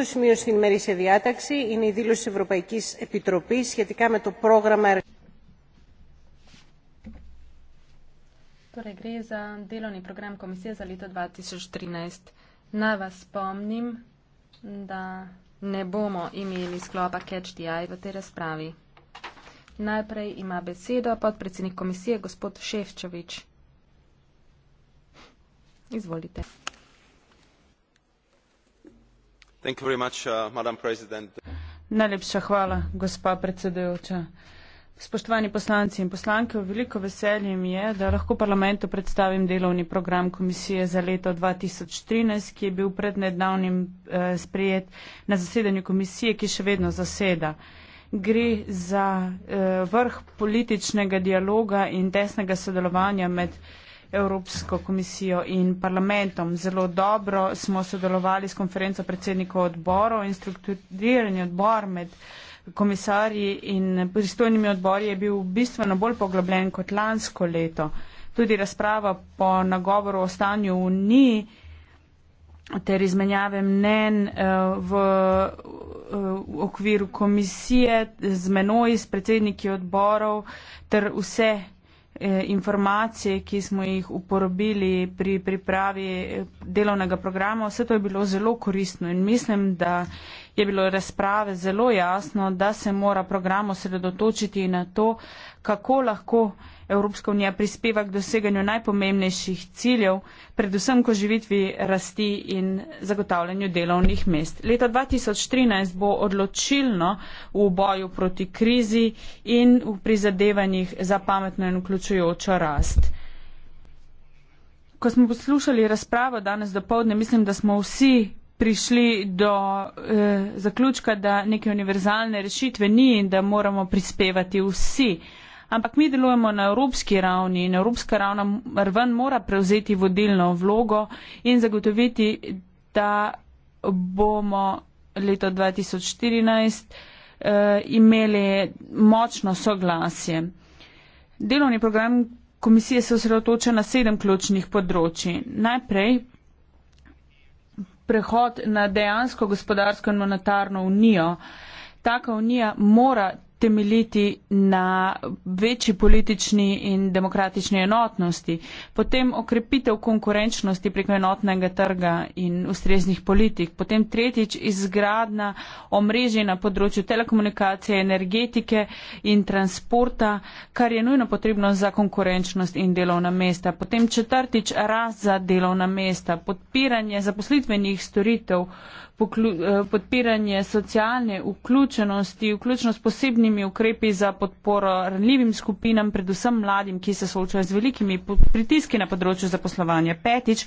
το σημείο στην ημερήσια διάταξη είναι η δήλωση της Ευρωπαϊκής Επιτροπής σχετικά με το πρόγραμμα Torej gre za delovni program komisije za leto 2013. Naj vas spomnim, da ne bomo imeli sklopa Catch the Eye v tej razpravi. Najprej ima besedo podpredsednik komisije gospod Ševčevič. Izvolite. Uh, najlepša hvala gospa predsedujoča spoštovani poslanci in poslanke veliko veselje mi je da lahko parlamentu predstavim delovni program komisije za leto 2013 ki je bil pred nedavnim eh, sprejet na zasedanju komisije ki še vedno zaseda gre za eh, vrh političnega dialoga in tesnega sodelovanja med eh, Evropsko komisijo in parlamentom. Zelo dobro smo sodelovali s konferenco predsednikov odborov in strukturiranje odbor med komisarji in pristojnimi odbori je bil bistveno bolj poglobljen kot lansko leto. Tudi razprava po nagovoru o stanju v Uniji ter izmenjave mnen eh, v, eh, v okviru komisije z menoj, s predsedniki odborov ter vse Eh, informacije, ki smo jih uporabili pri pripravi eh, delovnega programa, vse to je bilo zelo koristno in mislim, da je bilo razprave zelo jasno, da se mora program osredotočiti na to, kako lahko Evropska unija prispeva k doseganju najpomembnejših ciljev, predvsem ko živitvi rasti in zagotavljanju delovnih mest. Leto 2013 bo odločilno v boju proti krizi in v prizadevanjih za pametno in vključujočo rast. Ko smo poslušali razpravo danes do povdne, mislim, da smo vsi prišli do eh, zaključka, da neke univerzalne rešitve ni in da moramo prispevati vsi. Ampak mi delujemo na evropski ravni in evropska ravna rven mora prevzeti vodilno vlogo in zagotoviti, da bomo leto 2014 eh, imeli močno soglasje. Delovni program komisije se osredotoča na sedem ključnih področji. Najprej prehod na dejansko gospodarsko in monetarno unijo. Taka unija mora temeljiti na večji politični in demokratični enotnosti, potem okrepitev konkurenčnosti preko enotnega trga in ustreznih politik, potem tretjič izgradna omrežje na področju telekomunikacije, energetike in transporta, kar je nujno potrebno za konkurenčnost in delovna mesta, potem četrtič rast za delovna mesta, podpiranje zaposlitvenih storitev, Eh, podpiranje socialne vključenosti, vključno s posebnimi ukrepi za podporo ranljivim skupinam, predvsem mladim, ki se soočajo z velikimi pritiski na področju zaposlovanja. Petič,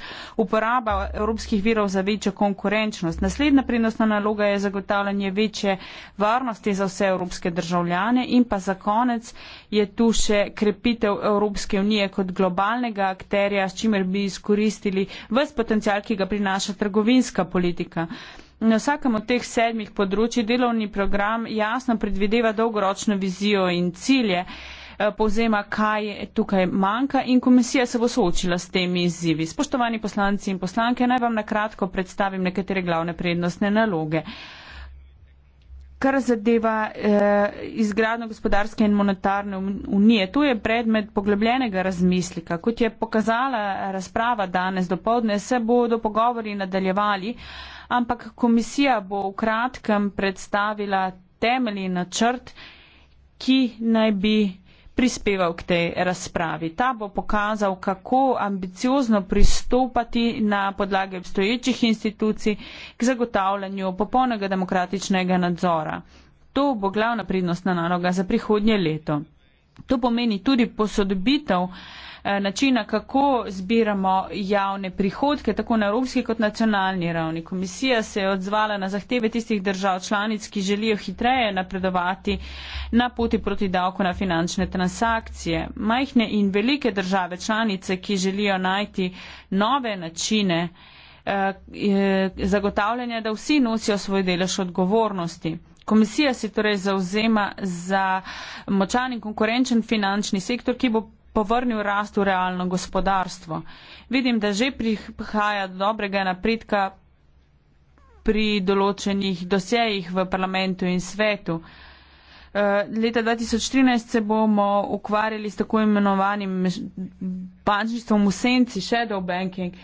uporaba evropskih virov za večjo konkurenčnost. Naslednja prednostna naloga je zagotavljanje večje varnosti za vse evropske državljane in pa za konec je tu še krepitev Evropske unije kot globalnega akterja, s čimer bi izkoristili vse potencial, ki ga prinaša trgovinska politika. Na vsakem od teh sedmih področji delovni program jasno predvideva dolgoročno vizijo in cilje, eh, povzema, kaj tukaj manjka in komisija se bo soočila s temi izzivi. Spoštovani poslanci in poslanke, naj vam na kratko predstavim nekatere glavne prednostne naloge kar zadeva eh, izgradno gospodarske in monetarne unije. Tu je predmet poglobljenega razmislika. Kot je pokazala razprava danes do povdne, se bodo pogovori nadaljevali, ampak komisija bo v kratkem predstavila temeljni načrt, ki naj bi prispeval k tej razpravi. Ta bo pokazal, kako ambiciozno pristopati na podlage obstoječih institucij k zagotavljanju popolnega demokratičnega nadzora. To bo glavna pridnostna naloga za prihodnje leto. To pomeni tudi posodobitev eh, načina, kako zbiramo javne prihodke, tako na evropski kot nacionalni ravni. Komisija se je odzvala na zahteve tistih držav članic, ki želijo hitreje napredovati na poti proti davku na finančne transakcije. Majhne in velike države članice, ki želijo najti nove načine eh, eh zagotavljanja, da vsi nosijo svoj delež odgovornosti. Komisija se torej zauzema za močan in konkurenčen finančni sektor, ki bo povrnil rast v realno gospodarstvo. Vidim, da že prihaja dobrega napredka pri določenih dosejih v parlamentu in svetu. Eh, leta 2013 se bomo ukvarjali s tako imenovanim bančništvom v senci, shadow banking. Uh,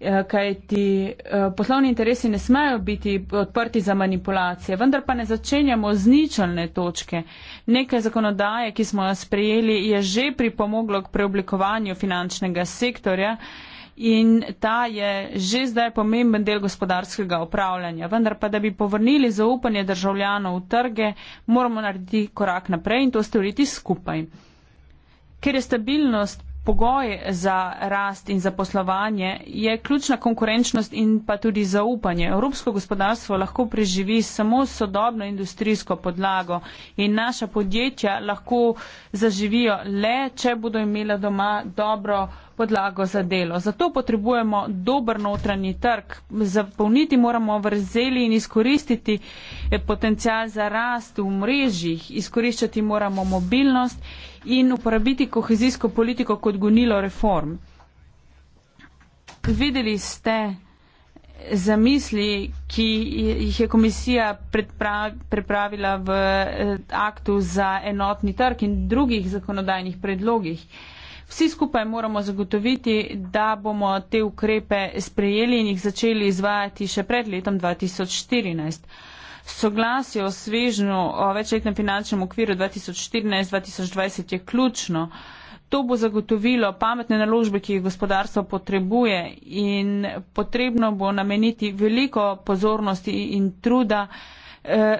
Eh, kaj ti eh, poslovni interesi ne smejo biti odprti za manipulacije, vendar pa ne začenjamo z ničelne točke. Nekaj zakonodaje, ki smo jo sprejeli, je že pripomoglo k preoblikovanju finančnega sektorja in ta je že zdaj pomemben del gospodarskega upravljanja. Vendar pa, da bi povrnili zaupanje državljanov v trge, moramo narediti korak naprej in to storiti skupaj. Ker je stabilnost pogoj za rast in zaposlovanje, je ključna konkurenčnost in pa tudi zaupanje. Evropsko gospodarstvo lahko preživi samo sodobno industrijsko podlago in naša podjetja lahko zaživijo le, če bodo imela doma dobro podlago za delo. Zato potrebujemo dober notranji trg. Zapolniti moramo vrzeli in izkoristiti eh, potencial za rast v mrežjih. Izkoriščati moramo mobilnost in uporabiti kohezijsko politiko kot gonilo reform. Videli ste zamisli, ki jih je komisija prepravila v eh, aktu za enotni trg in drugih zakonodajnih predlogih. Vsi skupaj moramo zagotoviti, da bomo te ukrepe sprejeli in jih začeli izvajati še pred letom 2014. Soglasje o svežnju o večletnem finančnem okviru 2014-2020 je ključno. To bo zagotovilo pametne naložbe, ki jih gospodarstvo potrebuje in potrebno bo nameniti veliko pozornosti in truda. Eh,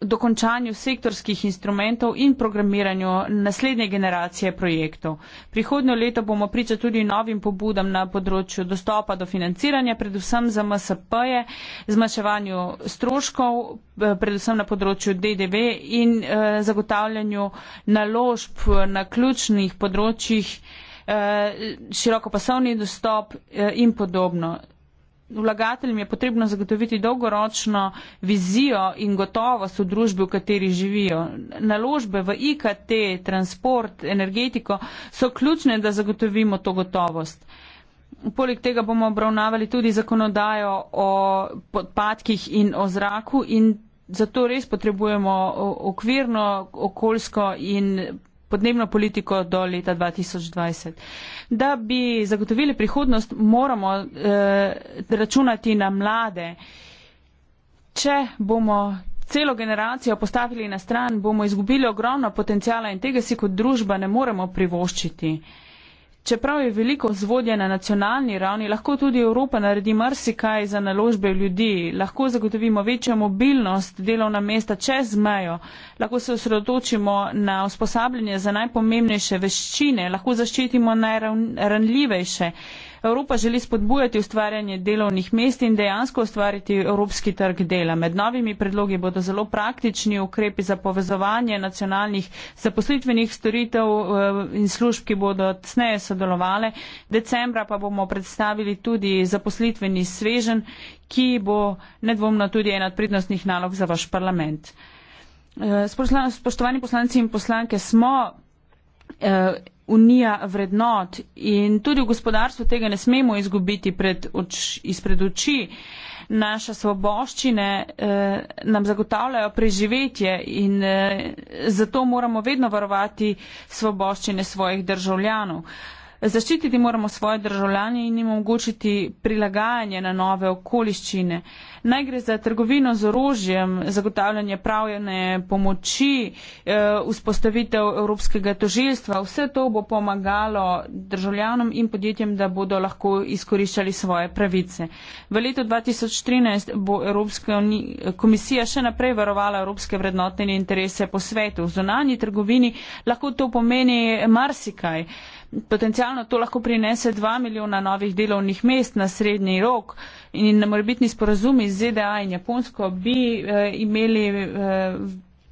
dokončanju sektorskih instrumentov in programiranju naslednje generacije projektov. Prihodnjo leto bomo priča tudi novim pobudam na področju dostopa do financiranja, predvsem za MSP-je, zmanjševanju stroškov, eh, predvsem na področju DDV in eh, zagotavljanju naložb na ključnih področjih, eh, širokopasovni dostop eh, in podobno vlagateljem je potrebno zagotoviti dolgoročno vizijo in gotovost v družbi, v kateri živijo. Naložbe v IKT, transport, energetiko so ključne, da zagotovimo to gotovost. Poleg tega bomo obravnavali tudi zakonodajo o podpadkih in o zraku in zato res potrebujemo okvirno okoljsko in podnebno politiko do leta 2020. Da bi zagotovili prihodnost, moramo eh, računati na mlade. Če bomo celo generacijo postavili na stran, bomo izgubili ogromno potencijala in tega si kot družba ne moremo privoščiti. Eh, Čeprav je veliko vzvodje na nacionalni ravni, lahko tudi Evropa naredi marsikaj za naložbe ljudi, lahko zagotovimo večjo mobilnost delovna mesta čez mejo, lahko se osredotočimo na usposabljanje za najpomembnejše veščine, lahko zaščitimo najranljivejše. Najran Evropa želi spodbujati ustvarjanje delovnih mest in dejansko ustvariti evropski trg dela. Med novimi predlogi bodo zelo praktični ukrepi za povezovanje nacionalnih zaposlitvenih storitev eh, in služb, ki bodo tesneje sodelovale. Decembra pa bomo predstavili tudi zaposlitveni svežen, ki bo nedvomno tudi ena od prednostnih nalog za vaš parlament. Eh, spoštovani poslanci in poslanke, smo eh, unija vrednot in tudi v gospodarstvu tega ne smemo izgubiti pred oč, izpred oči. Naše svoboščine eh, nam zagotavljajo preživetje in eh, zato moramo vedno varovati svoboščine svojih državljanov. Eh, Zaščititi moramo svoje državljanje in jim omogočiti prilagajanje na nove okoliščine. Naj gre za trgovino z orožjem, zagotavljanje pravljene pomoči, eh, vzpostavitev Evropskega tožilstva. Vse to bo pomagalo državljanom in podjetjem, da bodo lahko izkoriščali svoje pravice. V letu 2013 bo Evropska komisija še naprej varovala evropske vrednotne interese po svetu. V zonanji trgovini lahko to pomeni marsikaj. Potencialno to lahko prinese 2 milijona novih delovnih mest na srednji rok in na morbitni sporazumi z ZDA in Japonsko bi eh, imeli eh,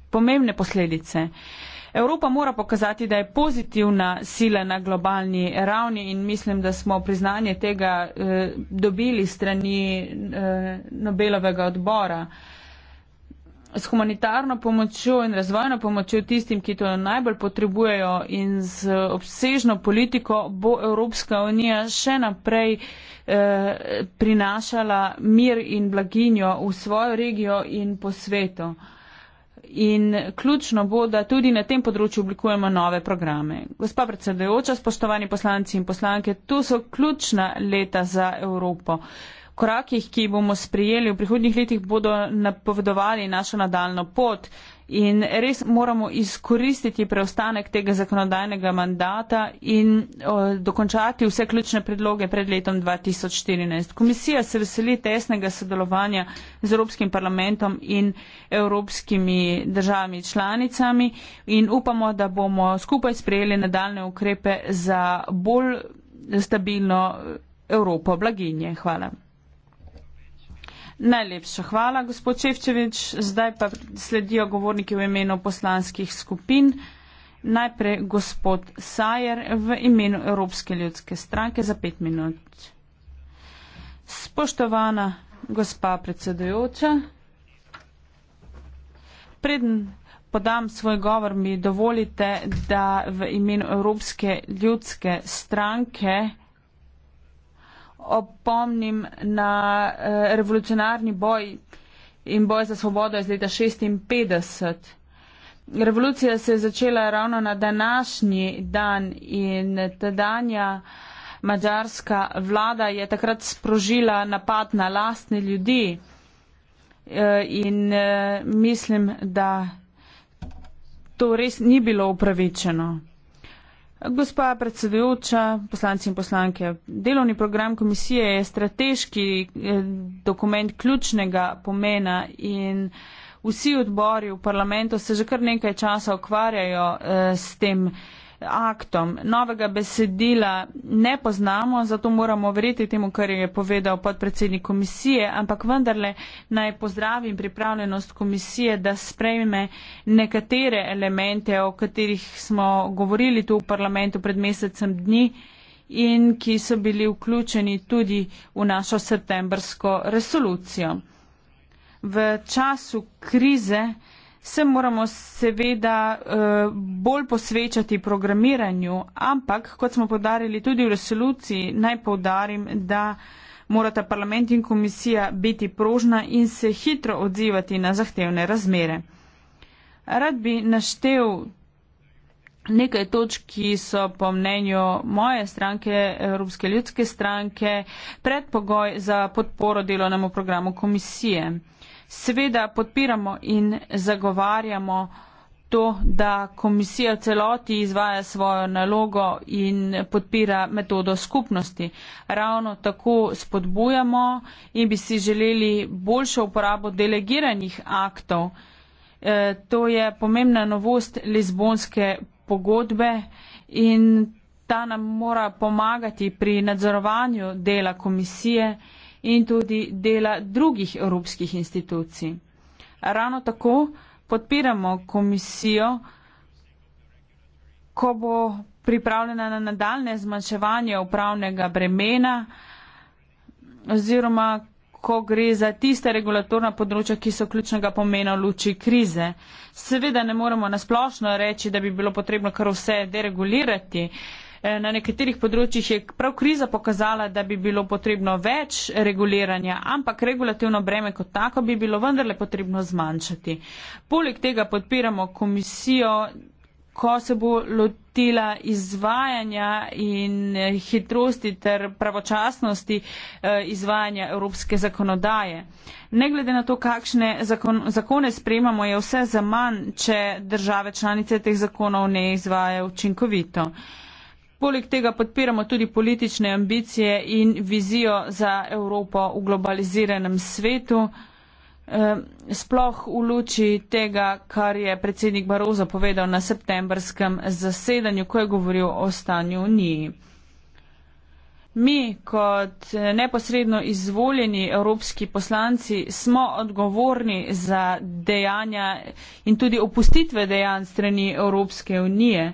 pomembne posledice. Evropa mora pokazati, da je pozitivna sila na globalni ravni in mislim, da smo priznanje tega eh, dobili strani eh, Nobelovega odbora. Eh, s humanitarno pomočjo in razvojno pomočjo tistim, ki to najbolj potrebujejo in z obsežno politiko bo Evropska unija še naprej eh, prinašala mir in blaginjo v svojo regijo in po svetu. In ključno bo, da tudi na tem področju oblikujemo nove programe. Gospa predsedujoča, spoštovani poslanci in poslanke, to so ključna leta za Evropo. Eh, korakih, ki jih bomo sprejeli v prihodnjih letih, bodo napovedovali našo nadaljno pot. In res moramo izkoristiti preostanek tega zakonodajnega mandata in o, dokončati vse ključne predloge pred letom 2014. Komisija se veseli tesnega sodelovanja z Evropskim parlamentom in evropskimi državami članicami in upamo, da bomo skupaj sprejeli nadaljne ukrepe za bolj stabilno Evropo blaginje. Hvala. Najlepša hvala, gospod Čevčevič. Zdaj pa sledijo govorniki v imenu poslanskih skupin. Najprej gospod Sajer v imenu Evropske ljudske stranke za pet minut. Spoštovana gospa predsedujoča, predn podam svoj govor, mi dovolite, da v imenu Evropske ljudske stranke opomnim na eh, revolucionarni boj in boj za svobodo iz leta 56. Revolucija se je začela ravno na današnji dan in tedanja mađarska vlada je takrat sprožila napad na lastne ljudi eh, in eh, mislim, da to res ni bilo upravičeno. Gospa predsedujoča, poslanci in poslanke, delovni program komisije je strateški eh, dokument ključnega pomena in vsi odbori v parlamentu se že kar nekaj časa ukvarjajo eh, s tem aktom. Novega besedila ne poznamo, zato moramo verjeti temu, kar je povedal podpredsednik komisije, ampak vendarle naj pozdravim pripravljenost komisije, da sprejme nekatere elemente, o katerih smo govorili tu v parlamentu pred mesecem dni in ki so bili vključeni tudi v našo septembrsko resolucijo. V času krize se moramo seveda eh, bolj posvečati programiranju, ampak kot smo podarili tudi v resoluciji, naj povdarim, da morata parlament in komisija biti prožna in se hitro odzivati na zahtevne razmere. Rad bi naštev nekaj točk, ki so po mnenju moje stranke, Evropske ljudske stranke, predpogoj za podporo delovnemu programu komisije. Seveda podpiramo in zagovarjamo to, da komisija v celoti izvaja svojo nalogo in podpira metodo skupnosti. Ravno tako spodbujamo in bi si želeli boljšo uporabo delegiranih aktov. E, to je pomembna novost Lizbonske pogodbe in ta nam mora pomagati pri nadzorovanju dela komisije in tudi dela drugih evropskih institucij. Ravno tako podpiramo komisijo, ko bo pripravljena na nadaljne zmanjševanje upravnega bremena oziroma ko gre za tiste regulatorna področja, ki so ključnega pomena v luči krize. Seveda ne moremo nasplošno reči, da bi bilo potrebno kar vse deregulirati, Eh, na nekaterih področjih je prav kriza pokazala, da bi bilo potrebno več reguliranja, ampak regulativno breme kot tako bi bilo vendarle potrebno zmanjšati. Poleg tega podpiramo komisijo, ko se bo lotila izvajanja in eh, hitrosti ter pravočasnosti eh, izvajanja evropske zakonodaje. Ne glede na to, kakšne zakon, zakone sprejemamo, je vse za manj, če države članice teh zakonov ne izvajajo učinkovito. Poleg tega podpiramo tudi politične ambicije in vizijo za Evropo v globaliziranem svetu. Eh, sploh v luči tega, kar je predsednik Barozo povedal na septembrskem zasedanju, ko je govoril o stanju v Uniji. Mi, kot eh, neposredno izvoljeni evropski poslanci, smo odgovorni za dejanja in tudi opustitve dejanj strani Evropske unije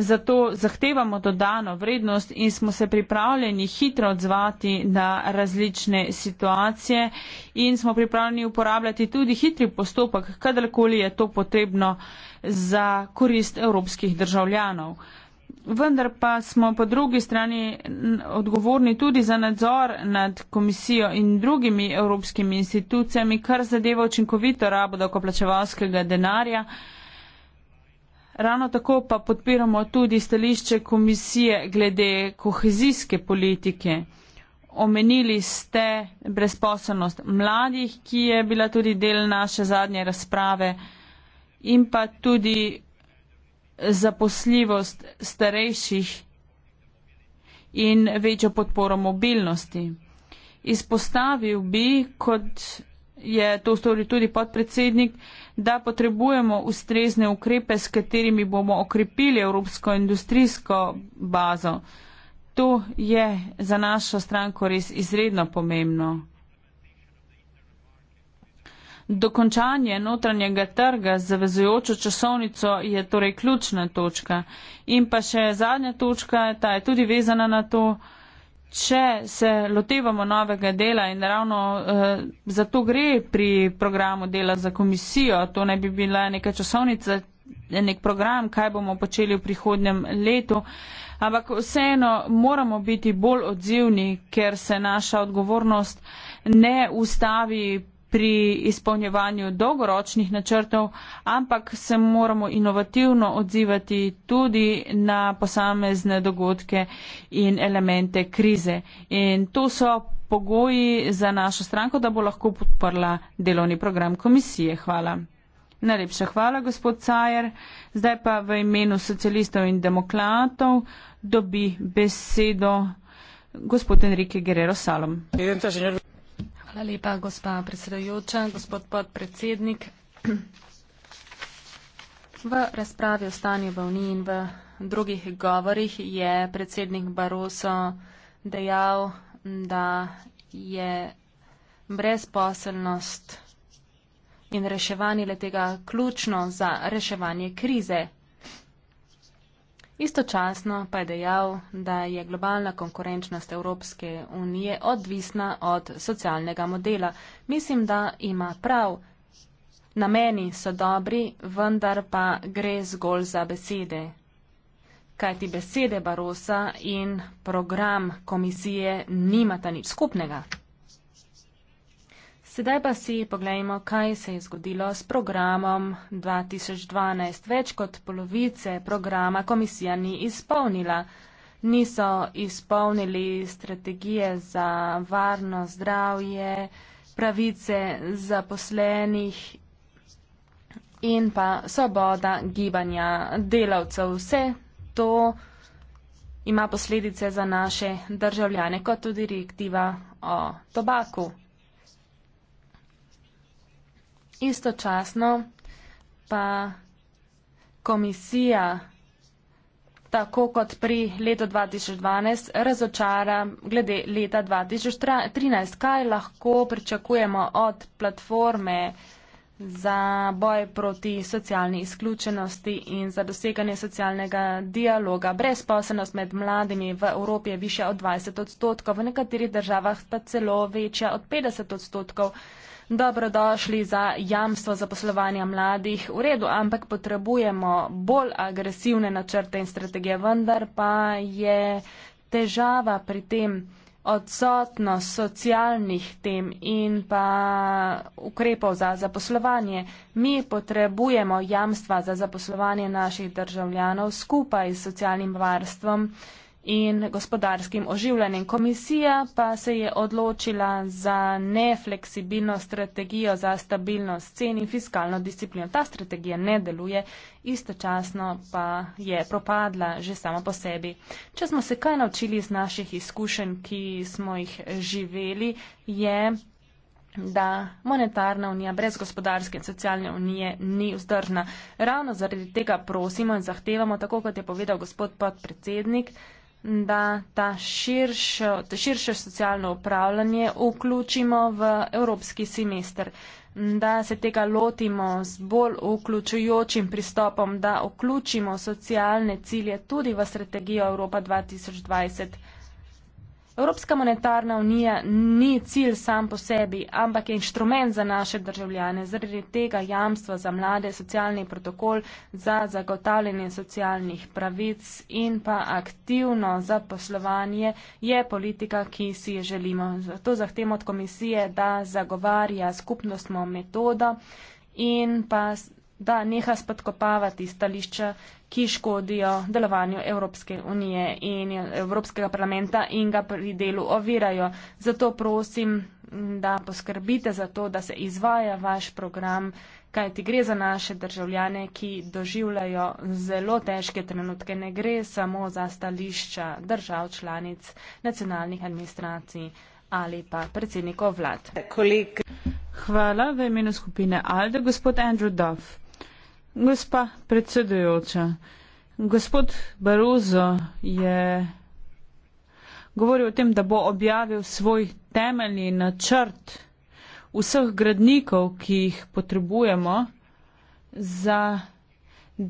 zato zahtevamo dodano vrednost in smo se pripravljeni hitro odzvati na različne situacije in smo pripravljeni uporabljati tudi hitri postopek, kadarkoli je to potrebno za korist evropskih državljanov. Vendar pa smo po drugi strani odgovorni tudi za nadzor nad komisijo in drugimi evropskimi institucijami, kar zadeva učinkovito rabo dokoplačevalskega denarja. Ravno tako pa podpiramo tudi stališče komisije glede kohezijske politike. Omenili ste brezposobnost mladih, ki je bila tudi del naše zadnje razprave in pa tudi zaposljivost starejših in večjo podporo mobilnosti. Izpostavil bi, kot je to storil tudi podpredsednik, da potrebujemo ustrezne ukrepe, s katerimi bomo okrepili evropsko industrijsko bazo. To je za našo stranko res izredno pomembno. Dokončanje notranjega trga z zavezujočo časovnico je torej ključna točka. In pa še zadnja točka, ta je tudi vezana na to, da Če se lotevamo novega dela in ravno uh, za to gre pri programu dela za komisijo, to ne bi bila neka časovnica, nek program, kaj bomo počeli v prihodnjem letu, ampak vseeno moramo biti bolj odzivni, ker se naša odgovornost ne ustavi pri izpolnjevanju dolgoročnih načrtov, ampak se moramo inovativno odzivati tudi na posamezne dogodke in elemente krize. In to so pogoji za našo stranko, da bo lahko podprla delovni program komisije. Hvala. Najlepša hvala, gospod Cajer. Zdaj pa v imenu socialistov in demokratov dobi besedo gospod Enrique Guerrero Salom. Presidente, Hvala lepa, gospa predsedujoča, gospod podpredsednik. V razpravi o stanju v Uniji in v drugih govorih je predsednik Baroso dejal, da je brezposelnost in reševanje le tega ključno za reševanje krize. Istočasno pa je dejal, da je globalna konkurenčnost Evropske unije odvisna od socialnega modela. Mislim, da ima prav. Nameni so dobri, vendar pa gre zgolj za besede. Kajti besede Barosa in program komisije nimata nič skupnega. Sedaj pa si pogledajmo, kaj se je zgodilo s programom 2012. Več kot polovice programa komisija ni izpolnila. Niso izpolnili strategije za varno zdravje, pravice zaposlenih in pa svoboda gibanja delavcev. Vse to ima posledice za naše državljane, kot tudi direktiva o tobaku. Istočasno pa komisija, tako kot pri letu 2012, razočara glede leta 2013. Kaj lahko pričakujemo od platforme za boj proti socialni izključenosti in za doseganje socialnega dialoga? Brezposobnost med mladimi v Evropi je višja od 20 odstotkov, v nekaterih državah pa celo večja od 50 odstotkov dobrodošli za jamstvo zaposlovanja mladih, v redu, ampak potrebujemo bolj agresivne načrte in strategije, vendar pa je težava pri tem odsotnost socialnih tem in pa ukrepov za zaposlovanje. Mi potrebujemo jamstva za zaposlovanje naših državljanov skupaj s socialnim varstvom in gospodarskim oživljanjem. Komisija pa se je odločila za nefleksibilno strategijo za stabilnost cen in fiskalno disciplino. Ta strategija ne deluje, istočasno pa je propadla že sama po sebi. Če smo se kaj naučili iz naših izkušenj, ki smo jih živeli, je da monetarna unija brez gospodarske in socialne unije ni vzdržna. Ravno zaradi tega prosimo in zahtevamo, tako kot je povedal gospod podpredsednik, da ta širšo, širše socialno upravljanje vključimo v evropski semester, da se tega lotimo z bolj vključujočim pristopom, da vključimo socialne cilje tudi v strategijo Evropa 2020. Evropska monetarna unija ni cilj sam po sebi, ampak je inštrument za naše državljane, zaradi tega jamstva za mlade, socialni protokol za zagotavljanje socialnih pravic in pa aktivno zaposlovanje je politika, ki si jo želimo. Zato zahtevamo od komisije, da zagovarja skupnostno metodo in pa da neha spodkopavati stališča, ki škodijo delovanju Evropske unije in Evropskega parlamenta in ga pri delu ovirajo. Zato prosim, da poskrbite za to, da se izvaja vaš program, kajti gre za naše državljane, ki doživljajo zelo težke trenutke. Ne gre samo za stališča držav članic nacionalnih administracij ali pa predsednikov vlad. Kolik. Hvala v imenu skupine Alde, gospod Andrew Duff. Gospa predsedujoča, gospod Barozo je govoril o tem, da bo objavil svoj temeljni načrt vseh gradnikov, ki jih potrebujemo za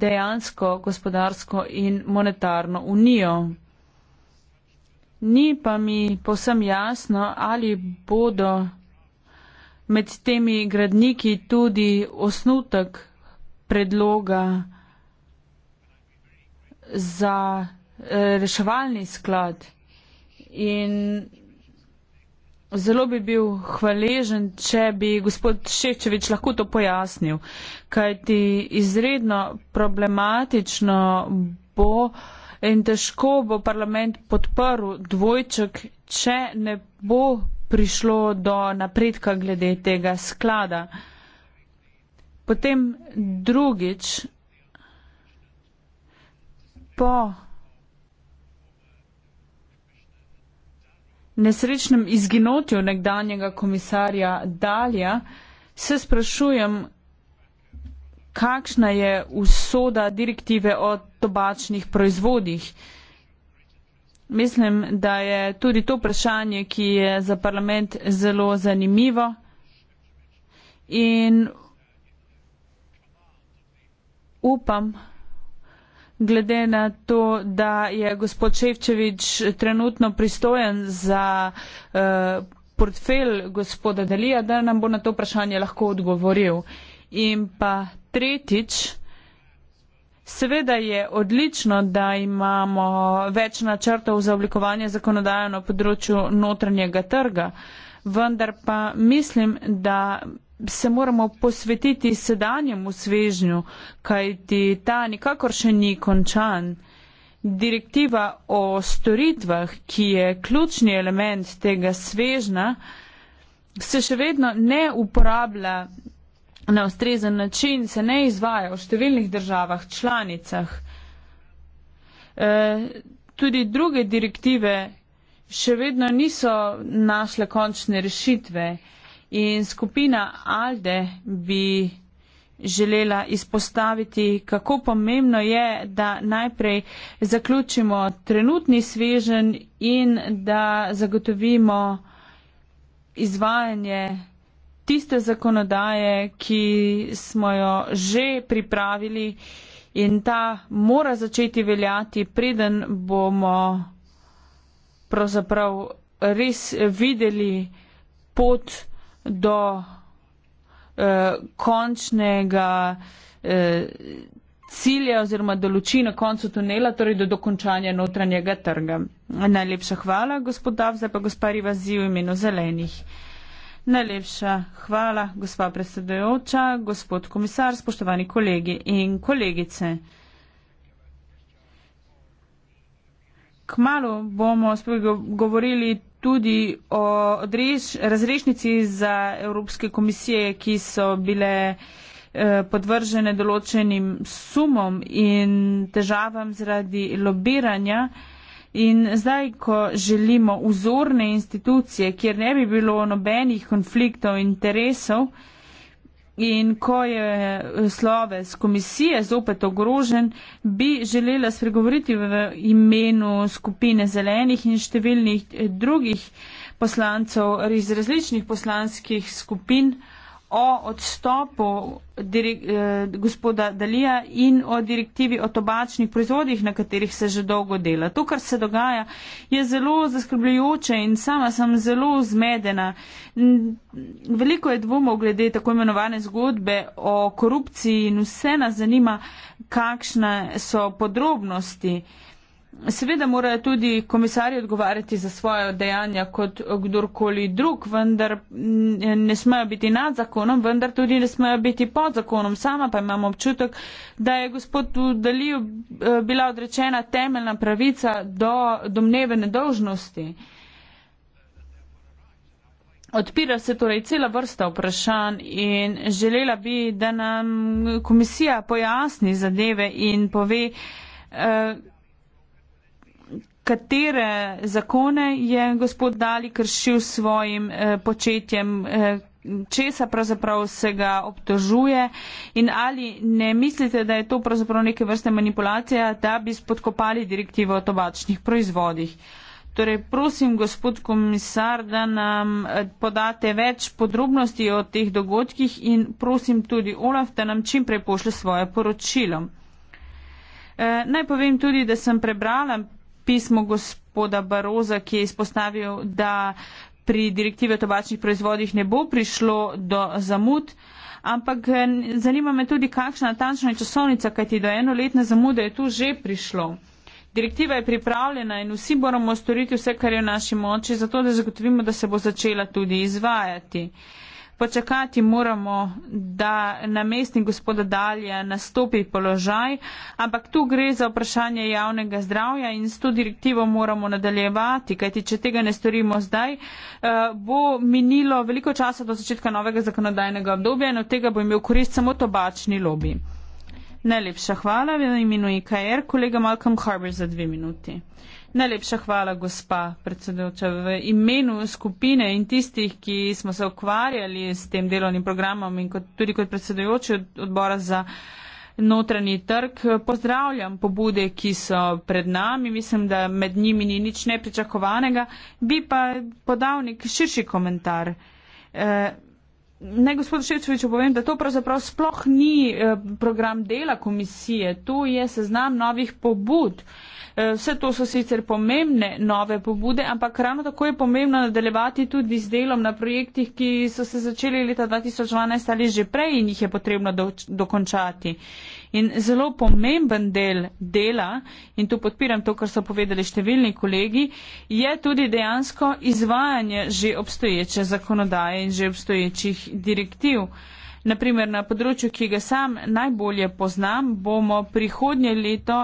dejansko gospodarsko in monetarno unijo. Ni pa mi povsem jasno, ali bodo med temi gradniki tudi osnutek predloga za eh, reševalni sklad in zelo bi bil hvaležen, če bi gospod Šečevič lahko to pojasnil, kajti izredno problematično bo in težko bo parlament podprl dvojček, če ne bo prišlo do napredka glede tega sklada. Potem drugič po nesrečnem izginotju nekdanjega komisarja Dalja se sprašujem, kakšna je usoda direktive o tobačnih proizvodih. Mislim, da je tudi to vprašanje, ki je za parlament zelo zanimivo in upam, glede na to, da je gospod Ševčevič trenutno pristojen za eh, portfelj gospoda Delija, da nam bo na to vprašanje lahko odgovoril. In pa tretjič, seveda je odlično, da imamo več načrtov za oblikovanje zakonodaje na področju notranjega trga, vendar pa mislim, da se moramo posvetiti sedanjemu svežnju, kajti ta nikakor še ni končan. Direktiva o storitvah, ki je ključni element tega svežna, se še vedno ne uporablja na ustrezen način, se ne izvaja v številnih državah, članicah. E, tudi druge direktive še vedno niso našle končne rešitve. In skupina Alde bi želela izpostaviti, kako pomembno je, da najprej zaključimo trenutni svežen in da zagotovimo izvajanje tiste zakonodaje, ki smo jo že pripravili in ta mora začeti veljati, preden bomo pravzaprav res videli pot, do eh, končnega eh, cilja oziroma do luči na koncu tunela, torej do dokončanja notranjega trga. Najlepša hvala, gospod Dav, zdaj pa gospa Riva Ziv imenu zelenih. Najlepša hvala, gospa predsedajoča, gospod komisar, spoštovani kolegi in kolegice. Kmalo bomo spregovorili tudi o odreš, razrešnici za Evropske komisije, ki so bile eh, podvržene določenim sumom in težavam zaradi lobiranja. In zdaj, ko želimo vzorne institucije, kjer ne bi bilo nobenih konfliktov interesov, In ko je eh, sloves komisije zopet ogrožen, bi želela spregovoriti v imenu skupine zelenih in številnih eh, drugih poslancev iz različnih poslanskih skupin o odstopu direk, eh, gospoda Dalija in o direktivi o tobačnih proizvodih, na katerih se že dolgo dela. To, kar se dogaja, je zelo zaskrbljujoče in sama sem zelo zmedena. Veliko je dvomov glede tako imenovane zgodbe o korupciji in vse nas zanima, kakšne so podrobnosti. Eh, Seveda morajo tudi komisari odgovarjati za svoje dejanja kot kdorkoli drug, vendar ne smejo biti nad zakonom, vendar tudi ne smejo biti pod zakonom. Sama pa imamo občutek, da je gospod Udaliju eh, bila odrečena temeljna pravica do domneve nedolžnosti. Odpira se torej cela vrsta vprašanj in želela bi, da nam komisija pojasni zadeve in pove, eh, katere zakone je gospod Dali kršil s svojim eh, početjem, eh, česa pravzaprav se ga obtožuje in ali ne mislite, da je to pravzaprav neke vrste manipulacija, da bi spodkopali direktivo o tobačnih proizvodih. Torej, prosim, gospod komisar, da nam eh, podate več podrobnosti o teh dogodkih in prosim tudi Olaf, da nam čim prej pošle svoje poročilo. E, naj povem tudi, da sem prebrala pismu gospoda Baroza, ki je izpostavil, da pri direktive o tobačnih proizvodih ne bo prišlo do zamud. Ampak eh, zanima me tudi, kakšna natančna je časovnica, kajti do enoletne zamude je tu že prišlo. Direktiva je pripravljena in vsi moramo storiti vse, kar je v naši moči, zato da zagotovimo, da se bo začela tudi izvajati. Uh, počakati moramo, da na mestni gospoda Dalija nastopi položaj, ampak tu gre za vprašanje javnega zdravja in s to direktivo moramo nadaljevati, kajti če tega ne storimo zdaj, eh, bo minilo veliko časa do začetka novega zakonodajnega obdobja in od tega bo imel korist samo tobačni lobby. Najlepša hvala, v imenu IKR, kolega Malcolm Harbour za dve minuti. Najlepša hvala, gospa predsedujoča. V imenu skupine in tistih, ki smo se ukvarjali s tem delovnim programom in kot, tudi kot predsedujoči odbora za notranji trg, pozdravljam pobude, ki so pred nami. Mislim, da med njimi ni nič nepričakovanega. Bi pa podal nek širši komentar. E, eh, Ne, gospod Ševčevič, povem, da to pravzaprav sploh ni eh, program dela komisije, to je seznam novih pobud. Eh, Eh, vse to so sicer pomembne nove pobude, ampak ravno tako je pomembno nadaljevati tudi z delom na projektih, ki so se začeli leta 2012 ali že prej in jih je potrebno do, dokončati. In zelo pomemben del dela, in tu podpiram to, kar so povedali številni kolegi, je tudi dejansko izvajanje že obstoječe zakonodaje in že obstoječih direktiv. Naprimer, na področju, ki ga sam najbolje poznam, bomo prihodnje leto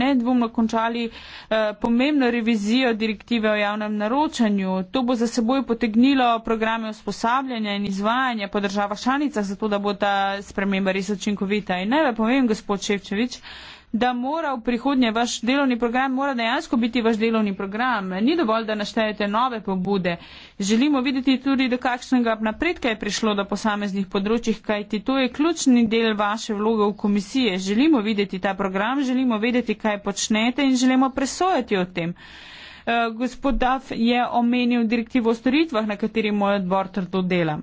nedvomno končali eh, pomembno revizijo direktive o javnem naročanju. To bo za seboj potegnilo programe usposabljanja in izvajanja po državah članicah, zato da bo ta sprememba res učinkovita. In najbolj povem, gospod Ševčevič, eh, da mora v prihodnje vaš delovni program, mora dejansko biti vaš delovni program. Ni dovolj, da naštejete nove pobude. Želimo videti tudi, do kakšnega napredka je prišlo do posameznih področjih, kajti to je ključni del vaše vloge v komisije. Želimo videti ta program, želimo vedeti, kaj počnete in želimo presojati o tem. Eh, gospod Duff je omenil direktivo o storitvah, na kateri moj odbor trdo dela.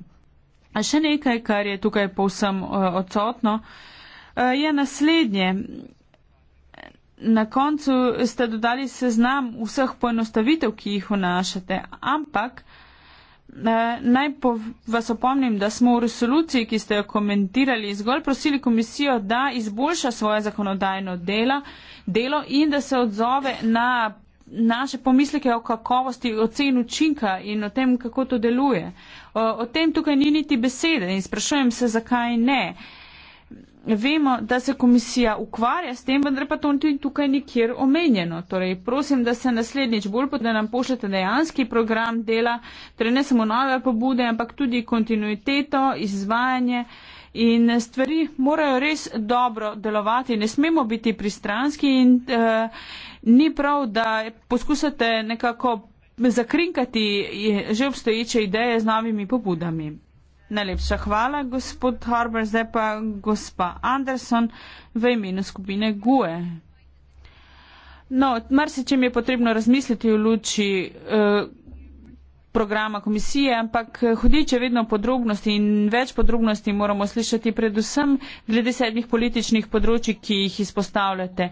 A še nekaj, kar je tukaj povsem eh, odsotno, eh, je naslednje na koncu ste dodali seznam vseh poenostavitev, ki jih vnašate, ampak eh, naj vas opomnim, da smo v resoluciji, ki ste jo komentirali, zgolj prosili komisijo, da izboljša svoje zakonodajno dela, delo in da se odzove na naše pomisleke o kakovosti, o cen učinka in o tem, kako to deluje. O tem tukaj ni niti besede in sprašujem se, zakaj ne vemo, da se komisija ukvarja s tem, vendar pa to ni tukaj nikjer omenjeno. Torej, prosim, da se naslednjič bolj pa, da nam pošljete dejanski program dela, torej ne samo nove pobude, ampak tudi kontinuiteto, izvajanje. In stvari morajo res dobro delovati, ne smemo biti pristranski in eh, ni prav, da poskusate nekako zakrinkati eh, že obstoječe ideje z novimi pobudami. Najlepša hvala, gospod Harber. Zdaj pa gospa Anderson v imenu skupine GUE. No, mar se čem je potrebno razmisliti v luči uh, programa komisije, ampak hodiče eh, vedno podrobnosti in več podrobnosti moramo slišati predvsem glede sedmih političnih področji, ki jih izpostavljate.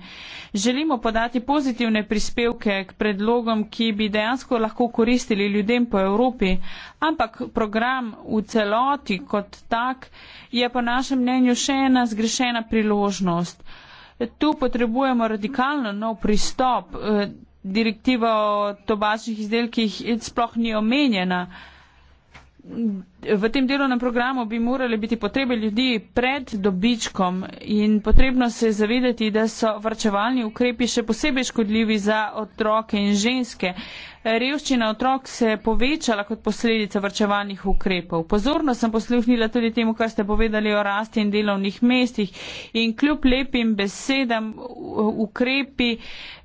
Želimo podati pozitivne prispevke k predlogom, ki bi dejansko lahko koristili ljudem po Evropi, ampak program v celoti kot tak je po našem mnenju še ena zgrešena priložnost. Tu potrebujemo radikalno nov pristop. Eh, direktiva o tobačnih izdelkih sploh ni omenjena v tem delovnem programu bi morali biti potrebe ljudi pred dobičkom in potrebno se zavedati, da so vrčevalni ukrepi še posebej škodljivi za otroke in ženske. Revščina otrok se je povečala kot posledica vrčevalnih ukrepov. Pozorno sem posluhnila tudi temu, kar ste povedali o rasti in delovnih mestih in kljub lepim besedam ukrepi,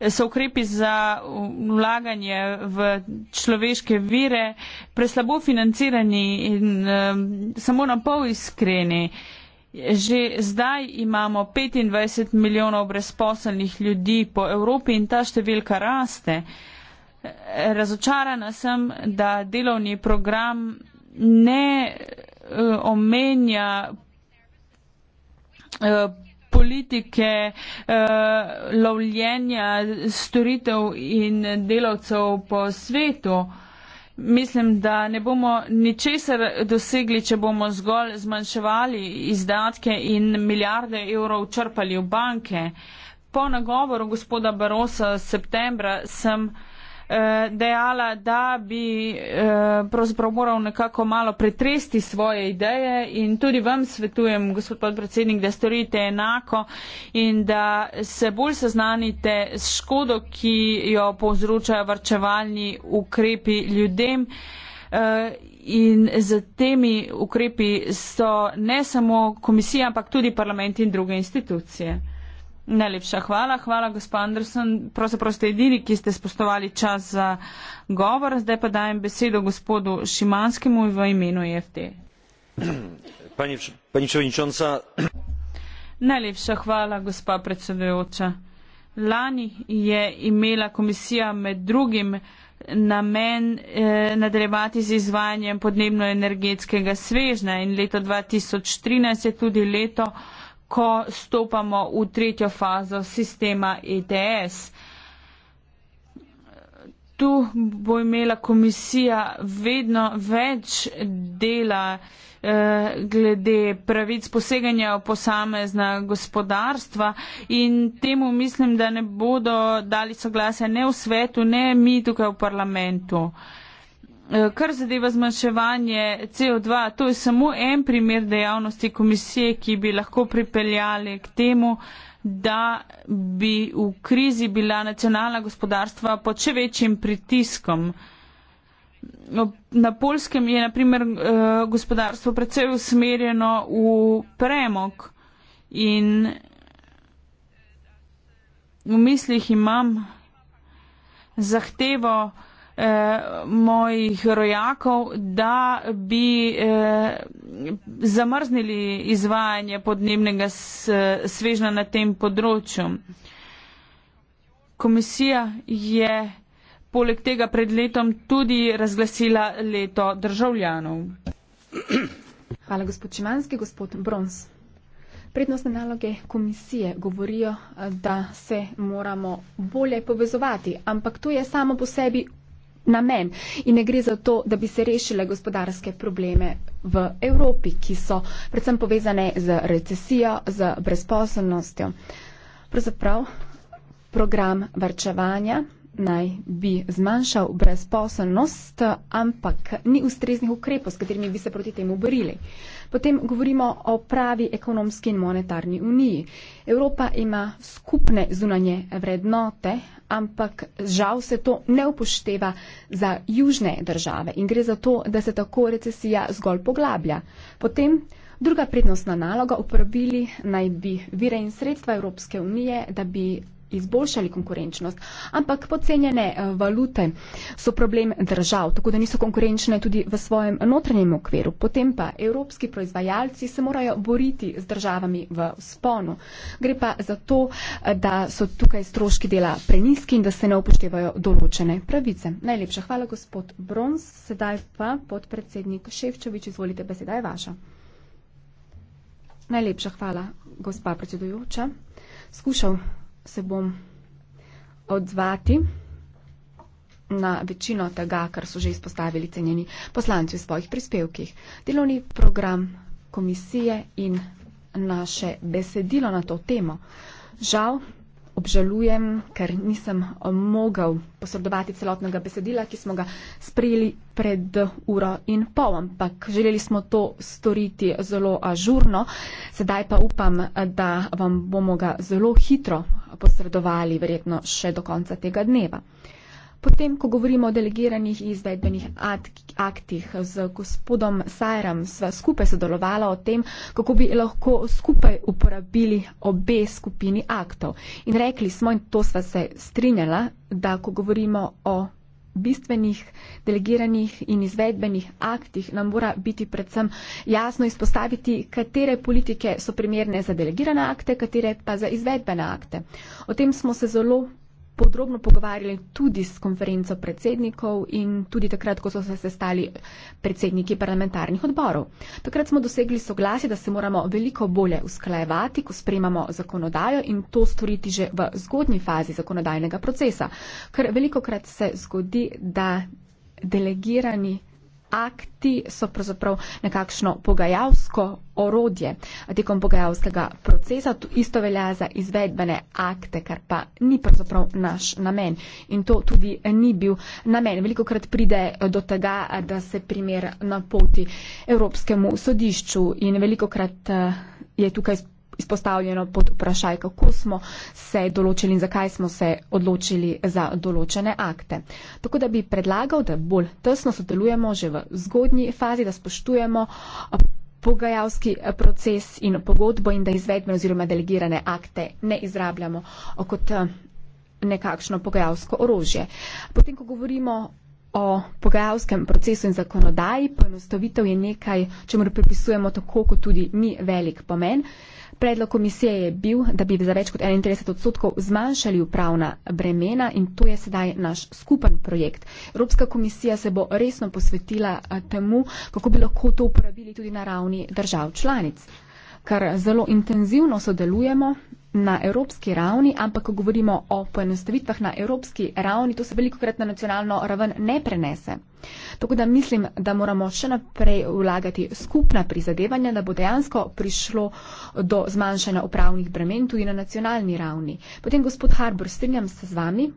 so ukrepi za vlaganje v človeške vire preslabo financirani in um, samo na pol iskreni. Že zdaj imamo 25 milijonov brezposelnih ljudi po Evropi in ta številka raste. Razočarana sem, da delovni program ne uh, omenja uh, politike uh, lovljenja storitev in delavcev po svetu. Uh, Mislim, da ne bomo ničesar dosegli, če bomo zgolj zmanjševali izdatke in milijarde evrov črpali v banke. Po nagovoru gospoda Barosa septembra sem. Eh, dejala, da bi eh, pravzaprav moral nekako malo pretresti svoje ideje in tudi vam svetujem, gospod podpredsednik, da storite enako in da se bolj seznanite s škodo, ki jo povzročajo varčevalni ukrepi ljudem. Eh, in z temi ukrepi so ne samo komisija, ampak tudi parlament in druge institucije. Najlepša hvala. Hvala, gospod Anderson. Pravzaprav ste edini, ki ste spoštovali čas za govor. Zdaj pa dajem besedo gospodu Šimanskemu v imenu EFT. Pani, pani Čovničonca. Najlepša hvala, gospa predsedujoča. Lani je imela komisija med drugim namen eh, nadaljevati z izvajanjem podnebno-energetskega svežna in leto 2013 je tudi leto, ko stopamo v tretjo fazo sistema ETS. Tu bo imela komisija vedno več dela eh, glede pravic poseganja v posamezna gospodarstva in temu mislim, da ne bodo dali soglasja ne v svetu, ne mi tukaj v parlamentu. Uh, Eh, kar zadeva zmanjševanje CO2, to je samo en primer dejavnosti komisije, ki bi lahko pripeljali k temu, da bi v krizi bila nacionalna gospodarstva pod še večjim pritiskom. No, na polskem je naprimer eh, gospodarstvo predvsej usmerjeno v premog in v mislih imam zahtevo, Eh, mojih rojakov, da bi eh, zamrznili izvajanje podnebnega svežna na tem področju. Komisija je poleg tega pred letom tudi razglasila leto državljanov. Hvala, gospod Čimanski, gospod Brons. Prednostne naloge komisije govorijo, da se moramo bolje povezovati, ampak to je samo po sebi namen. In ne gre za to, da bi se rešile gospodarske probleme v Evropi, ki so predvsem povezane z recesijo, z brezposobnostjo. Pravzaprav program varčevanja naj bi zmanjšal brezposelnost, ampak ni ustreznih ukrepov, s katerimi bi se proti temu borili. Potem govorimo o pravi ekonomski in monetarni uniji. Evropa ima skupne zunanje vrednote, ampak žal se to ne upošteva za južne države in gre za to, da se tako recesija zgolj poglablja. Potem druga prednostna naloga, uporabili naj bi vire in sredstva Evropske unije, da bi izboljšali konkurenčnost, ampak pocenjene eh, valute so problem držav, tako da niso konkurenčne tudi v svojem notranjem okviru. Potem pa evropski proizvajalci se morajo boriti z državami v sponu. Gre pa za to, eh, da so tukaj stroški dela preniski in da se ne upoštevajo določene pravice. Najlepša hvala, gospod Brons. Sedaj pa podpredsednik Ševčevič, izvolite, beseda je vaša. Najlepša hvala, gospa predsedujoča. Skušal se bom odzvati na večino tega, kar so že izpostavili cenjeni poslanci v svojih prispevkih. Delovni program komisije in naše besedilo na to temo. Žal obžalujem, ker nisem eh, mogel posredovati celotnega besedila, ki smo ga sprejeli pred eh, uro in pol, ampak želeli smo to storiti zelo ažurno. Sedaj pa upam, eh, da vam bomo ga zelo hitro posredovali, verjetno še do konca tega dneva. Potem, ko govorimo o delegiranih izvedbenih aktih z gospodom Sajram, sva skupaj sodelovala o tem, kako bi lahko skupaj uporabili obe skupini aktov. In rekli smo, in to sva se strinjala, da ko govorimo o bistvenih delegiranih in izvedbenih aktih, nam mora biti predvsem jasno izpostaviti, katere politike so primerne za delegirane akte, katere pa za izvedbene akte. O tem smo se zelo podrobno pogovarjali tudi s konferenco predsednikov in tudi takrat, ko so se sestali predsedniki parlamentarnih odborov. Takrat smo dosegli soglasje, da se moramo veliko bolje usklajevati, ko sprejmamo zakonodajo in to storiti že v zgodnji fazi zakonodajnega procesa, ker veliko krat se zgodi, da delegirani akti so pravzaprav nekakšno pogajalsko orodje tekom pogajalskega procesa. To isto velja za izvedbene akte, kar pa ni pravzaprav naš namen. In to tudi ni bil namen. Veliko krat pride do tega, da se primer na poti Evropskemu sodišču in veliko krat eh, je tukaj izpostavljeno pod vprašaj, kako smo se določili in zakaj smo se odločili za določene akte. Tako da bi predlagal, da bolj tesno sodelujemo že v zgodnji fazi, da spoštujemo pogajalski proces in pogodbo in da izvedme oziroma delegirane akte ne izrabljamo kot nekakšno pogajalsko orožje. Potem, ko govorimo o pogajalskem procesu in zakonodaji, poenostavitev je nekaj, čemu pripisujemo tako kot tudi mi velik pomen. Predlog komisije je bil, da bi za več kot 31 odstotkov zmanjšali upravna bremena in to je sedaj naš skupen projekt. Evropska komisija se bo resno posvetila temu, kako bi lahko to uporabili tudi na ravni držav članic. Kar zelo intenzivno sodelujemo na evropski ravni, ampak ko govorimo o poenostavitvah na evropski ravni, to se veliko krat na nacionalno raven ne prenese. Tako da mislim, da moramo še naprej vlagati skupna prizadevanja, da bo dejansko prišlo do zmanjšanja upravnih bremen tudi na nacionalni ravni. Potem, gospod Harbor, strinjam se z vami.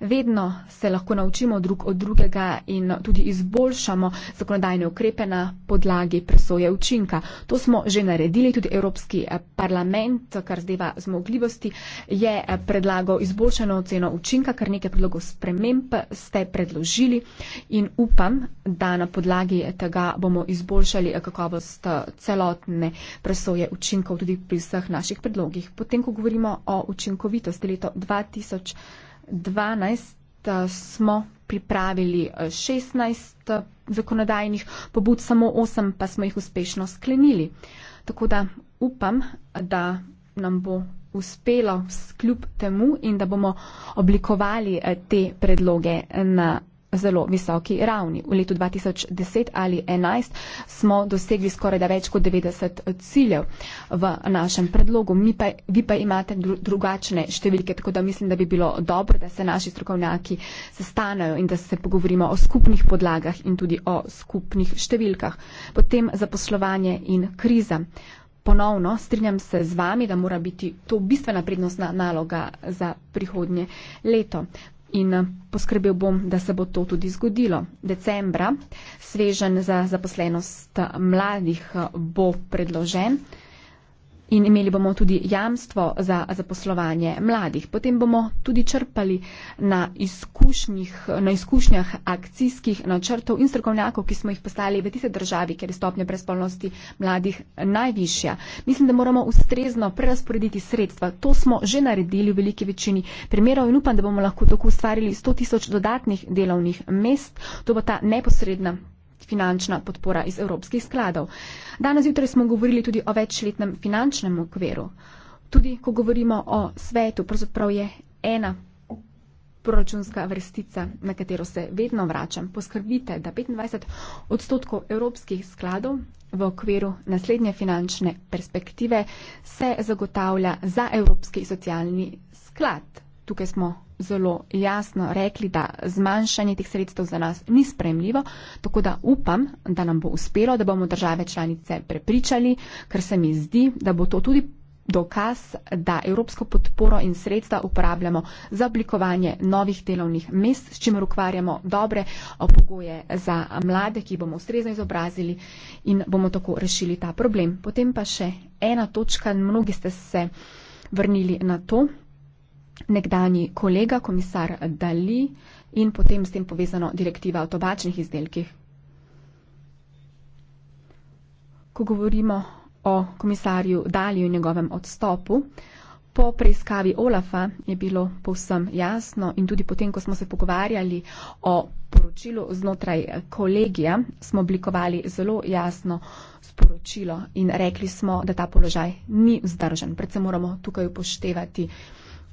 Vedno se lahko naučimo drug od drugega in tudi izboljšamo zakonodajne ukrepe na podlagi presoje učinka. To smo že naredili, tudi Evropski eh, parlament, kar zdeva zmogljivosti, je eh, predlagal izboljšano oceno učinka, kar nekaj predlogov sprememb ste predložili in upam, da na podlagi tega bomo izboljšali eh, kakovost celotne presoje učinkov tudi pri vseh naših predlogih. Potem, ko govorimo o učinkovitosti leto 2000. 2012 eh, smo pripravili 16 eh, eh, zakonodajnih pobud, samo 8 pa smo jih uspešno sklenili. Tako da upam, da nam bo uspelo skljub temu in da bomo oblikovali te predloge na zelo visoki ravni. V letu 2010 ali 2011 smo dosegli skoraj da več kot 90 ciljev v našem predlogu. Pa, vi pa imate drugačne številke, tako da mislim, da bi bilo dobro, da se naši strokovnjaki sestanajo in da se pogovorimo o skupnih podlagah in tudi o skupnih številkah. Potem zaposlovanje in kriza. Ponovno strinjam se z vami, da mora biti to bistvena prednostna naloga za prihodnje leto in eh, poskrbel bom, da se bo to tudi zgodilo. Decembra svežen za zaposlenost eh, mladih eh, bo predložen in imeli bomo tudi jamstvo za zaposlovanje mladih. Potem bomo tudi črpali na, na izkušnjah akcijskih načrtov in strokovnjakov, ki smo jih poslali v tiste državi, kjer je stopnja brezpolnosti mladih najvišja. Mislim, da moramo ustrezno prerasporediti sredstva. To smo že naredili v veliki večini primerov in upam, da bomo lahko tako ustvarili 100 tisoč dodatnih delovnih mest. To bo ta neposredna finančna podpora iz evropskih skladov. Danes jutraj smo govorili tudi o večletnem finančnem okviru. Tudi ko govorimo o svetu, pravzaprav je ena proračunska vrstica, na katero se vedno vračam. Poskrbite, da 25 odstotkov evropskih skladov v okviru naslednje finančne perspektive se zagotavlja za Evropski socialni sklad tukaj smo zelo jasno rekli, da zmanjšanje teh sredstev za nas ni spremljivo, tako da upam, da nam bo uspelo, da bomo države članice prepričali, ker se mi zdi, da bo to tudi dokaz, da evropsko podporo in sredstva uporabljamo za oblikovanje novih delovnih mest, s čimer ukvarjamo dobre pogoje za mlade, ki bomo ustrezno izobrazili in bomo tako rešili ta problem. Potem pa še ena točka, mnogi ste se vrnili na to, nekdani kolega, komisar Dali in potem s tem povezano direktiva o tobačnih izdelkih. Ko govorimo o komisarju Daliju in njegovem odstopu, po preiskavi Olafa je bilo povsem jasno in tudi potem, ko smo se pogovarjali o poročilu znotraj kolegija, smo oblikovali zelo jasno sporočilo in rekli smo, da ta položaj ni vzdržen. Predvsem moramo tukaj upoštevati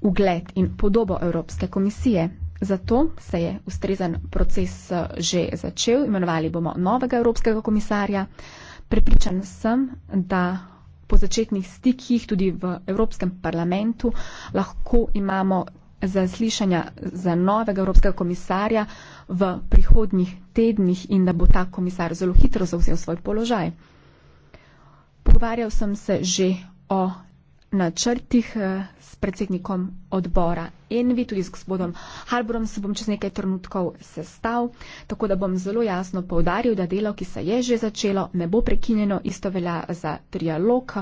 ugled in podobo Evropske komisije. Zato se je ustrezen proces eh, že začel, imenovali bomo novega Evropskega komisarja. Prepričan sem, da po začetnih stikih tudi v Evropskem parlamentu lahko imamo zaslišanja za novega Evropskega komisarja v prihodnjih tednih in da bo ta komisar zelo hitro zauzel svoj položaj. Pogovarjal sem se že o načrtih eh, s predsednikom odbora Envi, tudi z gospodom Harborom se bom čez nekaj trenutkov sestav, tako da bom zelo jasno povdaril, da delo, ki se je že začelo, ne bo prekinjeno, isto velja za trialog,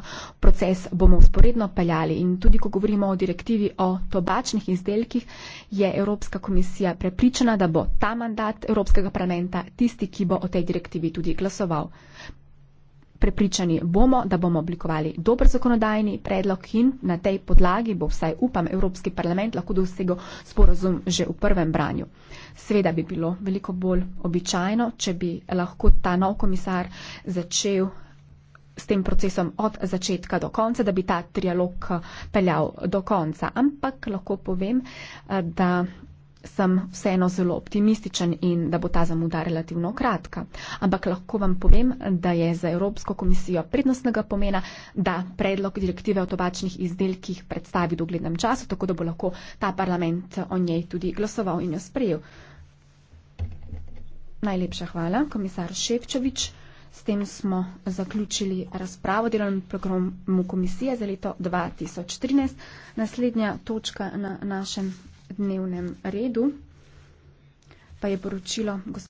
proces bomo usporedno peljali in tudi, ko govorimo o direktivi o tobačnih izdelkih, je Evropska komisija prepričana, da bo ta mandat Evropskega parlamenta tisti, ki bo o tej direktivi tudi glasoval. Prepričani bomo, da bomo oblikovali dober zakonodajni predlog in na tej podlagi bo vsaj, upam, Evropski parlament lahko dosegel sporozum že v prvem branju. Sveda bi bilo veliko bolj običajno, če bi lahko ta nov komisar začel s tem procesom od začetka do konca, da bi ta trialog peljal do konca. Ampak lahko povem, eh, da sem vseeno zelo optimističen in da bo ta zamuda relativno kratka. Ampak lahko vam povem, da je za Evropsko komisijo prednostnega pomena, da predlog direktive o tobačnih izdelkih predstavi v doglednem času, tako da bo lahko ta parlament o njej tudi glasoval in jo sprejel. Najlepša hvala, komisar Ševčevič. S tem smo zaključili razpravo delovnem programu komisije za leto 2013. Naslednja točka na našem dnevnem redu, pa je poročilo gospod.